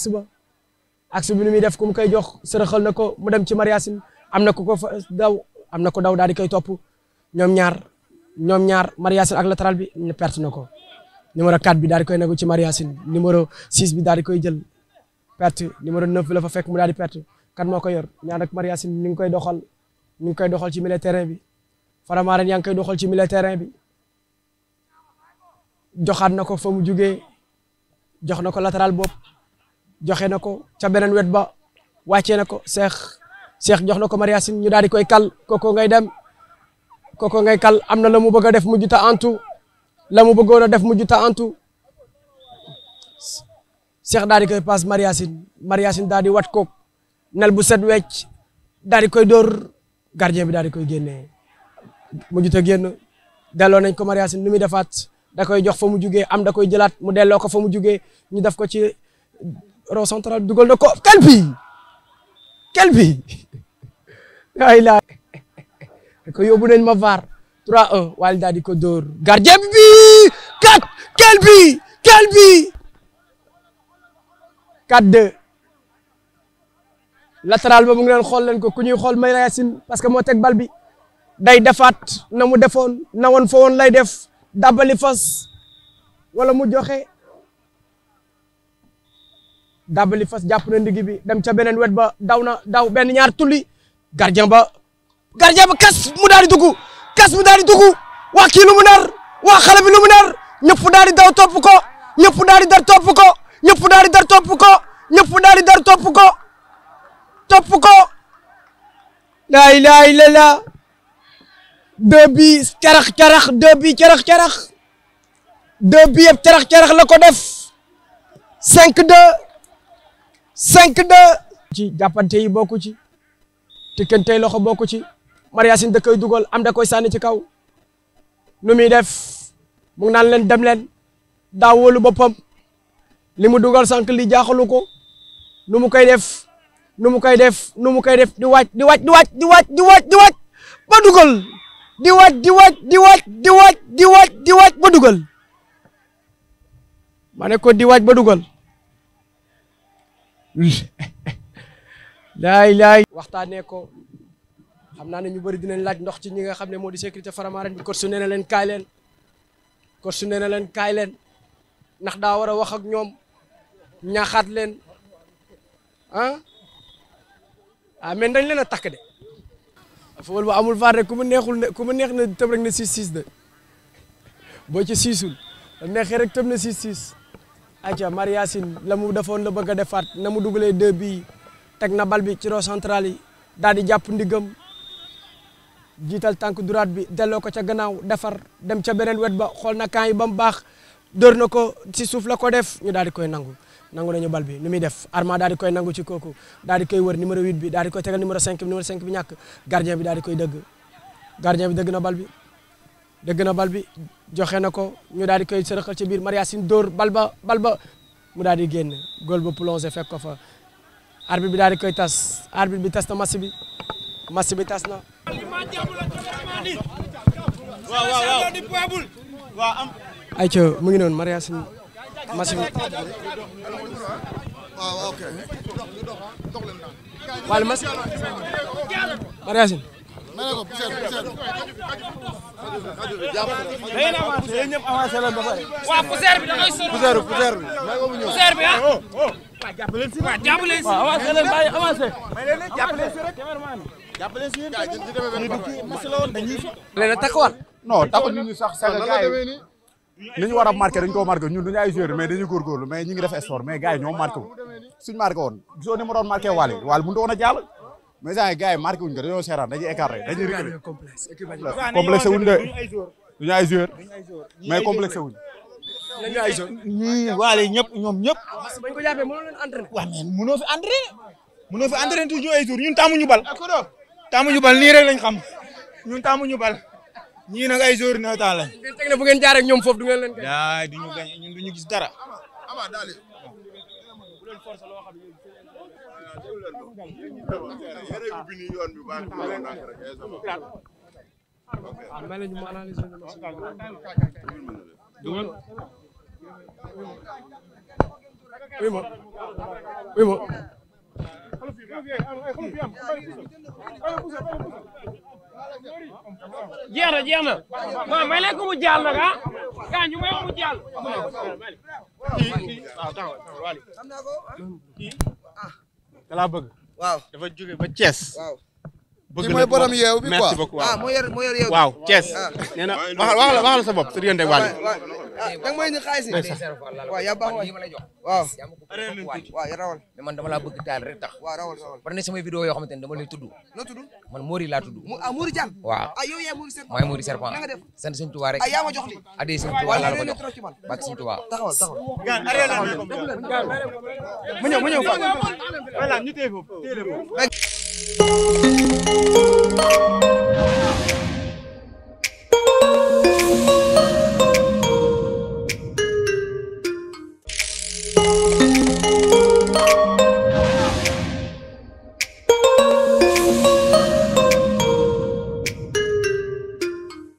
suba ak axe bi nu muy def ku mu koy jox sërëxal na ko mu dem ci mariasin am na ko ko daw am na ko daw daal di koy topp ñoom ñaar ñoom ñaar mariasin ak latéral bi ñu perte na ko numéro 4 bi daadi koy nagu ci mariasin numéro 6 bi daal koy jël perte numéro 9 bi la fa fekk mu daal di perte kan moo koy yor ñaar ak mariasin ñu ngi koy doxal ñu ngi koy doxal ci milieu terrain bi Faramaren yaa ngi koy doxal ci milieu terrain bi joxaat na ko fa jugee jox na ko latéral bopp joxe nako ca benen wet ba wàccee nako ko cheikh jox nako ko yassine ñu daal di koy kal koko ngay dem koko ngay kal amna lamu bëgg def mu antu lamu bëggo bëggoon def mu antu cheikh daal di koy yassine mari yassine daal di wat ko nal bu set dari daal di koy dor gardien bi daal di koy mu génn nañ ko mari yassine numi defaat da koy jox fa mu juggé am da koy jëlat mu delloo ko fa mu juggé ñu def ko ci row central dugal nako ko quel bi quel bi la ko yobou nañ ma var 3-1 eh, Walda di ko dor gardien bi 4 quel bi quel bi 4-2 Lateral ba mu ngi len xol len ko ku ñuy may Yacine parce que mo tek bal bi day defat na mu defoon na won fa woon lay def dabali fas wala mu joxe dabali fas japp na ndig bi dem ca benen wet ba dawna daw ben ñaar tulli gardien ba gardien ba kas mu daal duggu kas mu daal duggu wa ki lu mu nar wa xale bi lu mu nar ñepp daal di daw top ko ñepp daal di dar top ko ñepp daal di dar top ko ñepp daal di dar top ko top ko la ilaha illallah debi bi carax debi deux bi debi carax deux bi yëpp la ko def 5 2 cinq deux ci jàppante yi bokku ci tikkantey loxo bokku ci Mariasine da koy dugal am da koy sànni ci kaw nu muy def mu ngi naan leen dem leen daa boppam li mu dugal sànq li jaaxalu ko nu mu koy def nu mu koy def nu mu koy def di wàcc di wàcc di wàcc di wàcc di wàcc di wàcc ba dugal di wàcc di wàcc di wàcc ba dugal ma ne ko di wàcc ba dugal laay laay waxtaanee ko xam naa ne ñu bëri dinañ laaj ndox ci ñi nga xam ne moo di sécurité Faramaren bi coach su nee na leen kaay leen coach su nee na leen kaay leen ndax daa war a wax ak ñoom ñaxaat leen ah ah mais dañ leen a takk de football bu amul VAR rek ku mu neexul ne ku mu neex na tëb rek na 6-6 de boo ci siisul da neexee rek tëb na 6-6 Aja Maria sin, la udah defoon la bëgg namu defaat na deux bi teg na bal bi ci roo central yi daal di jàpp ndigam jiital tànk duraat bi delloo ko ca gannaaw defar dem ca wet ba xool na kan yi ba mu baax dóor ko ci suuf la ko def ñu di koy nangu nangu nañu bal bi def Arma dari di koy nangu ci kooku daal di koy wër numéro 8 bi daal di koy tegal numéro 5 numéro 5 bi ñàkk gardien bi daal di koy bi na bal bi na bal joxe na ko ñu daal di koy sërëxal ci biir Mariasine dóor bal ba mu daal di génn góol ba plongé fekk ko fa arbitre bi daal di koy tas arbitre bi tas na match bi match bi tas na waaw waaw waaw am ayca mu ngi noonu Mariasine match waaw poussière bi da ngay sori. poussière bi poussière bi. poussière bi ah. Oh, oh. waaw jàppale si waaw jàppale si. waaw avancé leen bàyyi avancé. jàppale si rek. jàppale si yéen tamit. non takku ñu sax sax gars yi li ñu war a marqué dañ koo marqué ñun duñu ay joueur mais dañuy góorgóorlu mais ñu ngi def sport mais gars yi ñoo marqué wu suñu marqué woon gisoo ni ma doon marqué Waly Waly mënut woon a jàll mais saa gars yi marqué wuñ ko dañoo seeraan dañuy écarté dañuy réglé complexe wuñ de duñu ay joueur mais complexe wuñ lañu ay joueur ñii waale ñëpp ñoom ñëpp ah, bañ ko jàppee mënoo leen entraîné waaw mais mënoo fi entraîné mënoo fi ah. entraîné toujours ay jour ñun tàmmuñu bal tàmmuñu bal nii rek lañ xam ñun tàmmuñu bal ñii nag ay joueur nawetaan lañ teg na bu ngeen jaar ak ñoom foofu du ngeen leen gañ duñu gañ ñun duñu gis dara force loo xam jeex na jeex na may leen ko mu jàll nag ah ñu may ko mu jàll waaw ah, ah. bëgg. waaw dafa jóge ba cees waaw bëgg na mooy borom yeew bi waaw ah moo yor moo yor yeew bi waaw ah. sa bopp sa Ah, danga may indi xaalis waaw yaa baax waay waaw waaw yaa rawal mais man dama laa bëgg taal rek tax waaw rawal rawal bari na samay vidéo yoo xamante ne dama lay tudd noo tudd man Mori laa tudd ah Mori Diane waaw ah yow yaa Mori Serpent maay Mori Serpent nga def sant sëñ Tuubaa rek ah yaa ma jox li adee ah, sëñ Tuubaa laa la ko jox bàkk sëñ Tuubaa taxawal taxawal mu ñëw mu ñëw voilà ñu téye foofu téye foofu